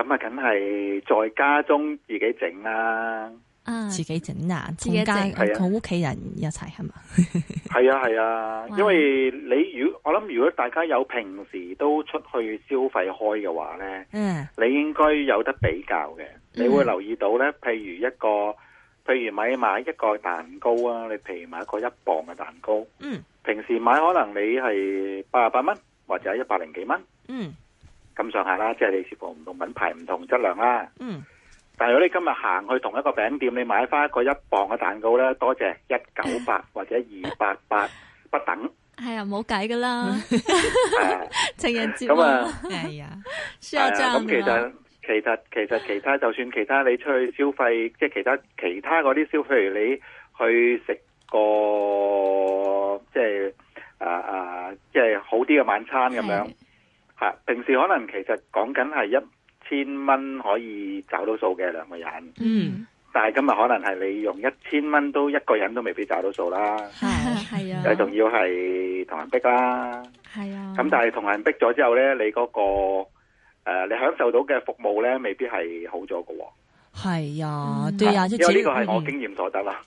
咁啊，梗係在家中自己整啦，啊，啊自己整啊，自己整、啊、同家同屋企人一齊，係嘛？係啊係啊，啊哇因為你如果我諗，如果大家有平時都出去消費開嘅話咧，嗯，你應該有得比較嘅，你會留意到咧，譬如一個譬如買買一個蛋糕啊，你譬如買一個一磅嘅蛋糕，嗯，平時買可能你係八十八蚊或者一百零幾蚊，嗯。咁上下啦，即係你視乎唔同品牌，唔同質量啦。嗯。但係如果你今日行去同一個餅店，你買返一個一磅嘅蛋糕咧，多謝一九八或者二八八不等。係啊，哎，冇計㗎啦。情人節。咁啊，嗯，係，哎，啊，誇張啊。咁，哎呀哎，其實樣其實其實其他就算其他你出去消費，即係其他其他嗰啲消費，如你去食個即係啊啊，即係、呃，好啲嘅晚餐咁樣。平時可能其實講緊係一千蚊可以找到數嘅兩個人，嗯，但係今日可能係你用一千蚊都一個人都未必找到數啦，係 啊，仲要係同行逼啦，係啊，咁但係同行逼咗之後咧，你嗰、那個誒、呃，你享受到嘅服務咧，未必係好咗嘅，係啊，嗯、但 對啊，因為呢個係我經驗所得啦。嗯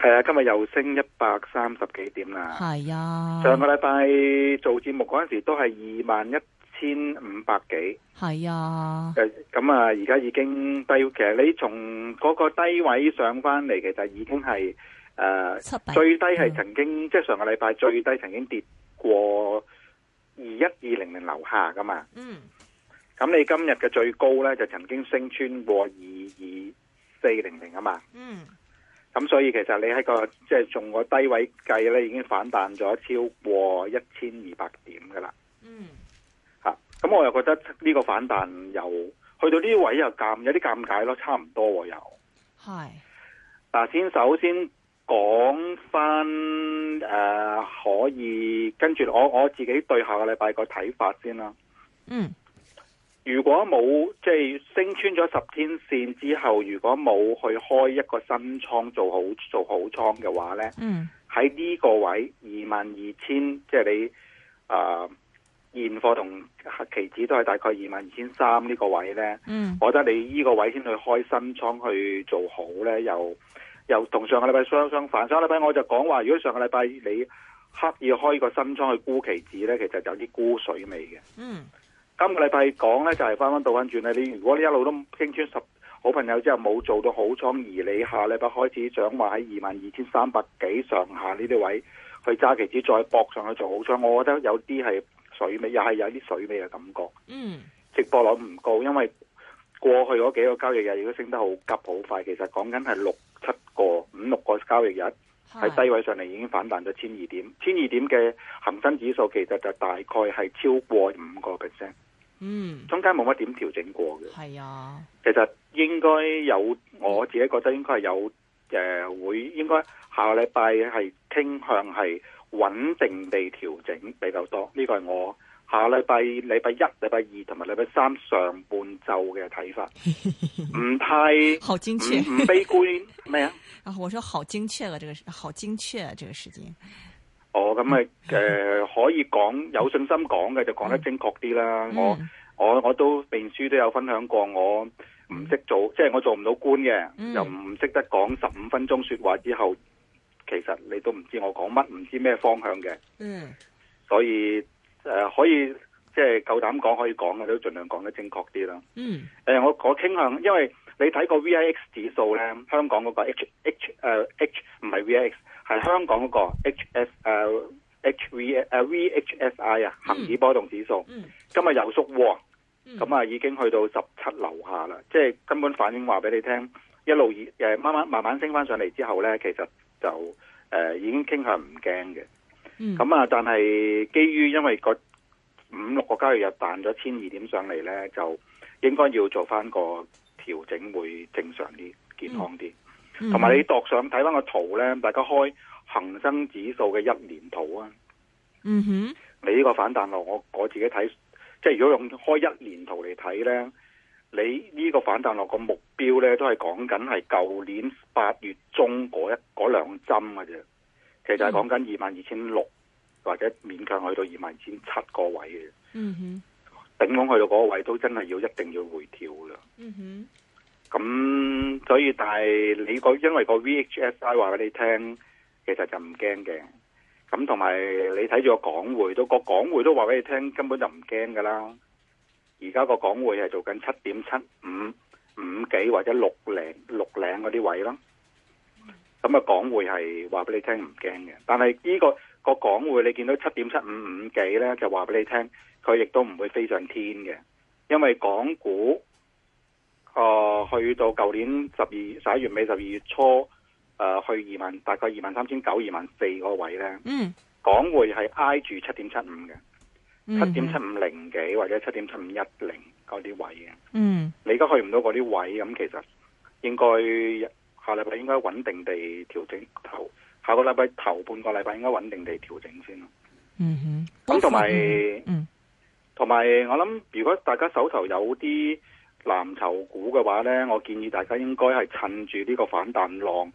係啊，今日又升一百三十幾點啦？係啊，上個禮拜做節目嗰陣時都係二萬一千五百幾。係啊。誒，咁啊，而家已經低，其實你從嗰個低位上翻嚟，其實已經係誒，最低係曾經即係上個禮拜最低曾經跌過二一二零零樓下噶嘛。嗯。咁你今日嘅最高咧就曾經升穿過二二四零零啊嘛。嗯。咁所以其實你喺個即係、就是、從個低位計咧，已經反彈咗超過一千二百點嘅啦。嗯。嚇、啊，咁我又覺得呢個反彈又去到呢位又尷，有啲尷尬咯，差唔多又。係是。嗱、啊，先首先講返誒，可以跟住我我自己對下個禮拜個睇法先啦。嗯。如果冇即係升穿咗十天線之後，如果冇去開一個新倉做好做好倉嘅話咧，喺呢、嗯、個位二萬二千，即係你啊、呃、現貨同期指都係大概二萬二千三呢個位咧，嗯、我覺得你呢個位先去開新倉去做好呢，又又同上個禮拜相相反。上個禮拜我就講話，如果上個禮拜你刻意開個新倉去沽期指呢，其實有啲沽水味嘅。嗯。今個禮拜講咧，就係翻返倒返轉呢，你如果你一路都傾穿十好朋友之後，冇做到好倉，而你下禮拜開始想話喺二萬二千三百幾上下呢啲位去揸期指，再搏上去做好倉，我覺得有啲係水尾，又係有啲水尾嘅感覺。嗯，值博率唔高，因為過去嗰幾個交易日亦都升得好急好快。其實講緊係六七個、五六個交易日喺是的 低位上嚟已經反彈咗千二點，千二點嘅恒生指數其實就大概係超過五個 percent。嗯，中間冇乜點調整過嘅，係啊呀，其實應該有，我自己覺得應該係有，誒、嗯呃，會應該下禮拜係傾向係穩定地調整比較多，呢、這個係我下禮拜禮拜一、禮拜二同埋禮拜三上半晝嘅睇法，唔 太好精確，唔、嗯、悲觀咩啊？啊， 我說好精確啊，這個好精確啊，這個時間。我咁咪誒，可以講有信心講嘅就講得精確啲啦。嗯嗯、我我我都面書都有分享過我，我唔識做，即係我做唔到官嘅，嗯、又唔識得講十五分鐘說話之後，其實你都唔知我講乜，唔知咩方向嘅。嗯，所以誒、呃、可以即係夠膽講可以講嘅都盡量講得精確啲啦。嗯，誒、呃、我我傾向因為。你睇個 VIX 指數咧，香港嗰個 H H 誒 H 唔係 VIX，係香港嗰個 HS HV、uh, uh, VHSI 啊，恒指波動指數，嗯、今日又縮喎，咁啊、嗯、已經去到十七樓下啦，即、就、係、是、根本反映話俾你聽，一路以慢慢慢慢升翻上嚟之後咧，其實就、呃、已經傾向唔驚嘅，咁、嗯、啊但係基於因為個五六個交易日彈咗千二點上嚟咧，就應該要做翻個。調整會正常啲，健康啲。同埋、嗯、你度上睇翻個圖咧，嗯、哼大家開恒生指數嘅一年圖啊。嗯哼，你呢個反彈落，我我自己睇，即係如果用開一年圖嚟睇咧，你呢個反彈落個目標咧，都係講緊係舊年八月中嗰一嗰兩針嘅啫。其實係講緊二萬二千六，或者勉強去到二萬二千七個位嘅。嗯哼，頂籠去到嗰個位都真係要一定要回調㗎。嗯哼。咁所以但係你個因為個 VHSI 話俾你聽，其實就唔驚嘅。咁同埋你睇住個港匯都個港匯都話俾你聽，根本就唔驚噶啦。而家個港匯係做緊七點七五五幾或者六零六零嗰啲位啦。咁啊港匯係話俾你聽唔驚嘅，但係呢個個港匯你見到七點七五五幾咧，就話俾你聽，佢亦都唔會飛上天嘅，因為港股。誒、哦，去到舊年十二十一月尾十二月初，誒、呃、去二萬大概二萬三千九二萬四嗰位咧，mm hmm. 港匯係挨住七點七五嘅，七點七五零幾或者七點七五一零嗰啲位嘅，mm hmm. 你而家去唔到嗰啲位，咁、嗯、其實應該下禮拜應該穩定地調整頭，下個禮拜頭半個禮拜應該穩定地調整先咯。嗯哼、mm，咁同埋，嗯，同埋我諗，如果大家手頭有啲。藍籌股嘅話呢，我建議大家應該係趁住呢個反彈浪，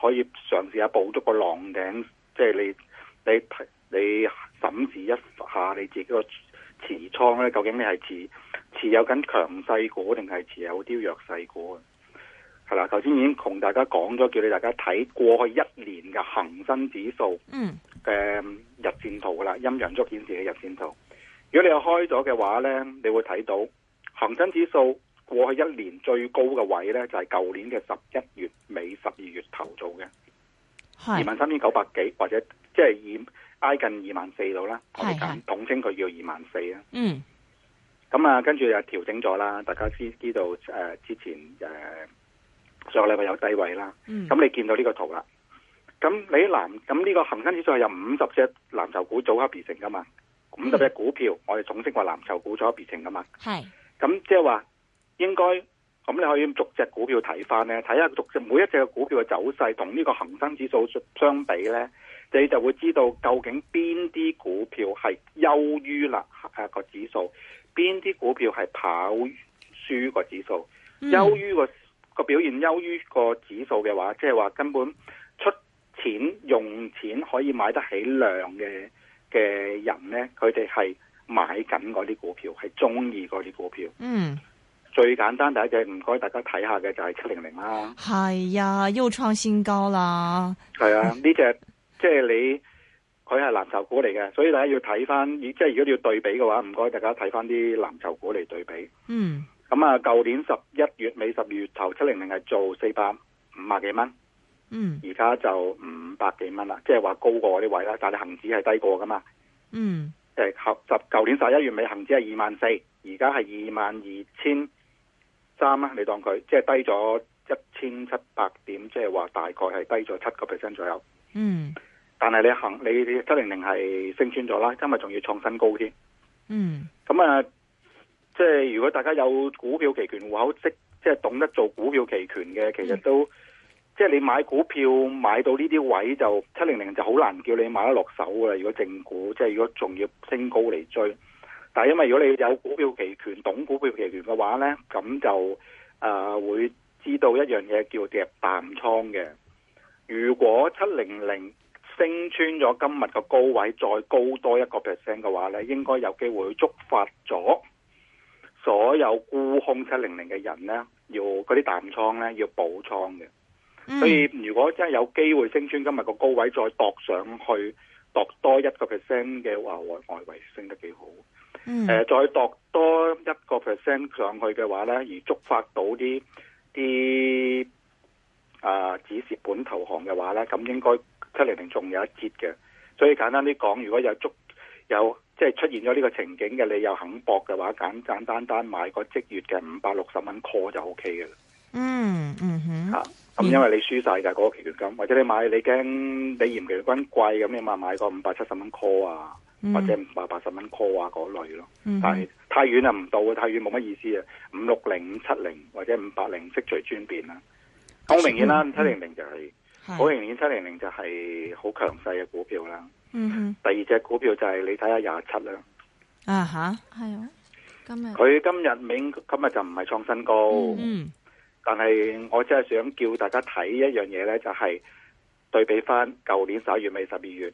可以嘗試下捕捉個浪頂。即係你你你審視一下你自己個持倉呢，究竟你係持持有緊強勢股定係持有啲弱勢股？係啦，頭先已經同大家講咗，叫你大家睇過去一年嘅恒生指數嗯，嘅日線圖啦，陰陽燭顯示嘅日線圖。如果你有開咗嘅話呢，你會睇到恒生指數。過去一年最高嘅位咧，就係、是、舊年嘅十一月尾、十二月頭做嘅，二萬三千九百幾，或者即係以挨近二萬四度啦，是是我哋統統稱佢叫二萬四啦。啊、嗯，咁啊，跟住又調整咗啦，大家知知道誒、呃，之前誒、呃、上個禮拜有低位啦，咁、嗯嗯、你見到呢個圖啦，咁你藍咁呢個恒生指數有五十隻藍籌股組合而成噶嘛。嗯、五十隻股票，我哋總稱為藍籌股組合而成噶嘛？係是，咁即係話。應該咁，你可以逐隻股票睇翻咧，睇下逐隻每一隻嘅股票嘅走勢同呢個恒生指數相比咧，你就會知道究竟邊啲股票係優於啦誒個指數，邊啲股票係跑輸個指數，嗯、個，優於個個表現優於個指數嘅話，即係話根本出錢用錢可以買得起量嘅嘅人咧，佢哋係買緊嗰啲股票，係中意嗰啲股票。嗯。最簡單第一隻唔該，大家睇下嘅就係七零零啦。係呀，又創新高啦。係啊，呢隻 即係你佢係藍籌股嚟嘅，所以大家要睇翻，即係如果你要對比嘅話，唔該大家睇翻啲藍籌股嚟對比。嗯。咁啊，舊年十一月尾十二月頭，七零零係做四百五十幾蚊。嗯。而家就五百幾蚊啦，即係話高過啲位啦，但係恒指係低過噶嘛。嗯。誒，合十舊年十一月尾恒指係二萬四，而家係二萬二千。三啊，你當佢即係低咗一千七百點，即係話大概係低咗七個 percent 左右。嗯，mm. 但係你行你七零零係升穿咗啦，今日仲要創新高添。嗯，咁啊，即係如果大家有股票期權戶口，即即係懂得做股票期權嘅，其實都、mm. 即係你買股票買到呢啲位就七零零就好難叫你買得落手噶啦。如果正股，即係如果仲要升高嚟追。但係，因為如果你有股票期權、懂股票期權嘅話咧，咁就誒、呃、會知道一樣嘢叫嘅淡倉嘅。如果七零零升穿咗今日個高位，再高多一個 percent 嘅話咧，應該有機會觸發咗所有沽空七零零嘅人咧，要嗰啲淡倉咧要補倉嘅。所以，如果真係有機會升穿今日個高位，再度上去度多一個 percent 嘅話，外外圍升得幾好。誒、嗯呃，再度多一個 percent 上去嘅話呢，而觸發到啲啲啊，止蝕、呃、本投降嘅話呢，咁應該七零零仲有一截嘅。所以簡單啲講，如果有足有即係出現咗呢個情景嘅，你又肯搏嘅話，簡簡單單買個即月嘅五百六十蚊 call 就 OK 嘅啦。嗯嗯哼，吓咁、啊、因為你輸晒就嗰個期權金，或者你買你驚你嫌期權金貴咁啊，你買個五百七十蚊 call 啊。.或者五百八十蚊 call 啊嗰類咯，嗯哼，但係太遠啦，唔到啊，太遠冇乜意思啊。五六零、五七零或者五八零，適隨轉變啦。好明顯啦，五七零零就係、是、好是明顯，七零零就係好強勢嘅股票啦。嗯哼，第二隻股票就係、是、你睇下廿七啦。啊吓，係啊今天今明，今日佢今日明今日就唔係創新高，嗯，嗯，但係我真係想叫大家睇一樣嘢咧，就係、是、對比翻舊年十一月尾、十二月。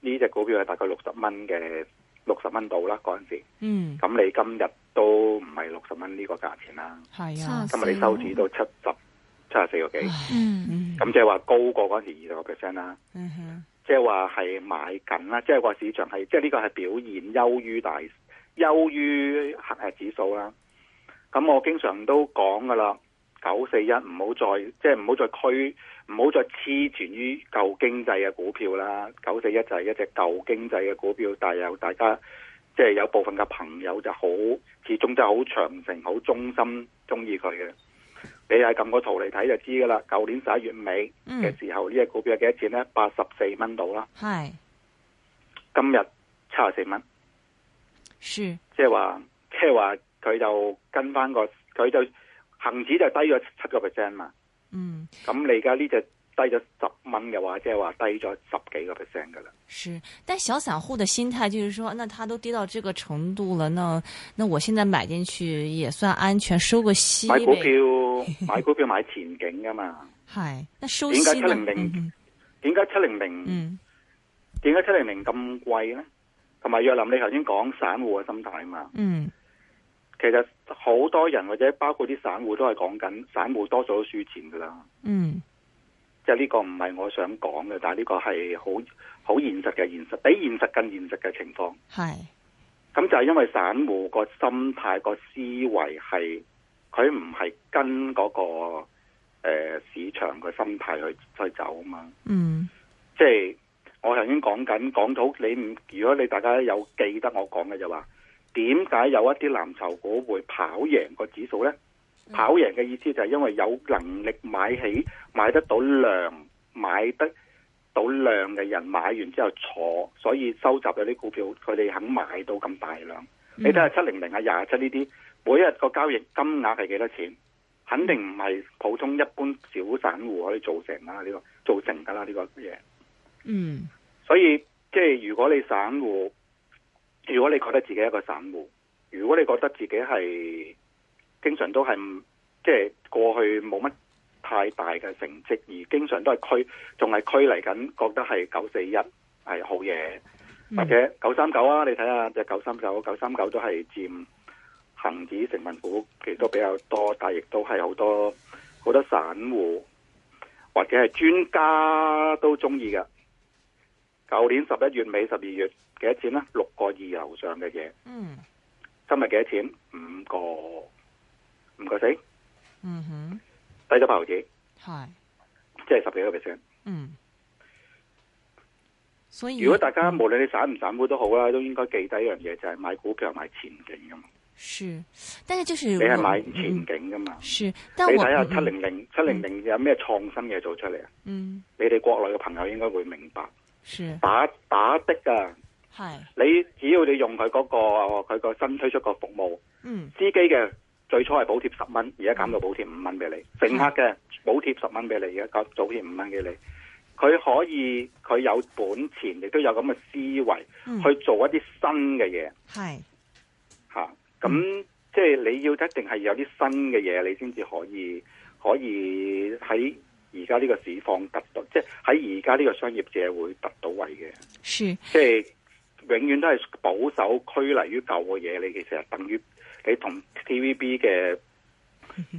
呢隻股票係大概六十蚊嘅，六十蚊度啦嗰陣時。嗯。咁你今日都唔係六十蚊呢個價錢啦。係啊。今日你收市到七十七十四個幾。嗯嗯。咁即係話高過嗰陣時二十個 percent 啦。嗯哼。即係話係買緊啦，即係個市場係，即係呢個係表現優於大優於恒指數啦。咁我經常都講噶啦。九四一唔好再，即係唔好再拘，唔好再黐存於舊經濟嘅股票啦，九四一就係一隻舊經濟嘅股票，但係有大家即係、就是、有部分嘅朋友就好，始終都係好長情、好忠心中意佢嘅。你喺咁個圖嚟睇就知噶啦，舊年十一月尾嘅時候呢隻、嗯、股票係幾多錢咧？八十四蚊到啦，係是今日七十四蚊，是即係話即係話佢就跟翻個佢就。恆指就低咗七個 percent 嘛，嗯，咁你而家呢隻低咗十蚊嘅話，即係話低咗十幾個 percent 噶啦。是，但小散戶嘅心態就是說，那他都跌到這個程度了，那那我現在買進去也算安全，收個息。買股票， 買股票買前景噶嘛。係，那收息呢？點解七零零？點解七零零？嗯，點解七零零咁貴咧？同埋，若林你頭先講散戶嘅心態啊嘛。嗯。其實好多人或者包括啲散戶都係講緊，散戶多數都輸錢噶啦。嗯，即係呢個唔係我想講嘅，但係呢個係好好現實嘅現實，比現實更現實嘅情況。係，咁就係因為散戶個心態個思維係，佢唔係跟嗰個誒市場嘅心態去去走啊嘛。嗯，即係我頭先講緊，講到你唔，如果你大家有記得我講嘅就話。點解有一啲藍籌股會跑贏個指數呢？跑贏嘅意思就係因為有能力買起、買得到量、買得到量嘅人買完之後坐，所以收集咗啲股票，佢哋肯買到咁大量。你睇下七零零啊、廿七呢啲，每一日個交易金額係幾多錢？肯定唔係普通一般小散戶可以做成啦、這個。呢個做成噶啦呢個嘢。嗯，所以即係如果你散戶。如果你覺得自己一個散戶，如果你覺得自己係經常都係即係過去冇乜太大嘅成績，而經常都係區仲係區嚟緊，覺得係九四一係好嘢，嗯、或者九三九啊，你睇下隻九三九、九三九都係佔恒指成分股，其實都比較多，嗯、但係亦都係好多好多散戶或者係專家都鍾意嘅。舊年十一月尾十二月幾多錢呢？六個二樓上嘅嘢，嗯、今日幾多錢？五個，五個四？嗯哼，低咗八毫子，係是即係十幾個 percent。嗯，所以如果大家無論你散唔散戶都好啦，都應該記低一樣嘢，就係、是、買股票係買前景噶嘛、嗯。是，但係就是你係買前景噶嘛。是，你睇下七零零七零零有咩創新嘢做出嚟啊？嗯，你哋國內嘅朋友應該會明白。是打打的啊，係是你只要你用佢嗰、嗰個佢個新推出個服務，嗯，司機嘅最初係補貼十蚊，而家減到補貼五蚊俾你，乘客嘅補貼十蚊俾你而家減到補貼五蚊俾你，佢可以佢有本錢，亦都有咁嘅思維、嗯、去做一啲新嘅嘢，係吓咁即係你要一定係有啲新嘅嘢，你先至可以可以喺。而家呢個市況得到，即係喺而家呢個商業社會得到位嘅，即係是永遠都係保守拘泥於舊嘅嘢。你其實等於你同 TVB 嘅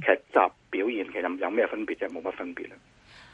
劇集表現，其實有咩分別？就係冇乜分別啦。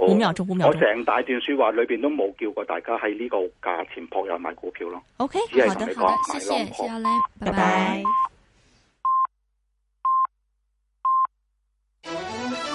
五、oh，秒鐘五秒鐘，我成大段說話裏邊都冇叫過大家喺呢個價錢搏入買股票咯。O Okay , K，好的，好的，多咯謝，謝，多謝，拜拜。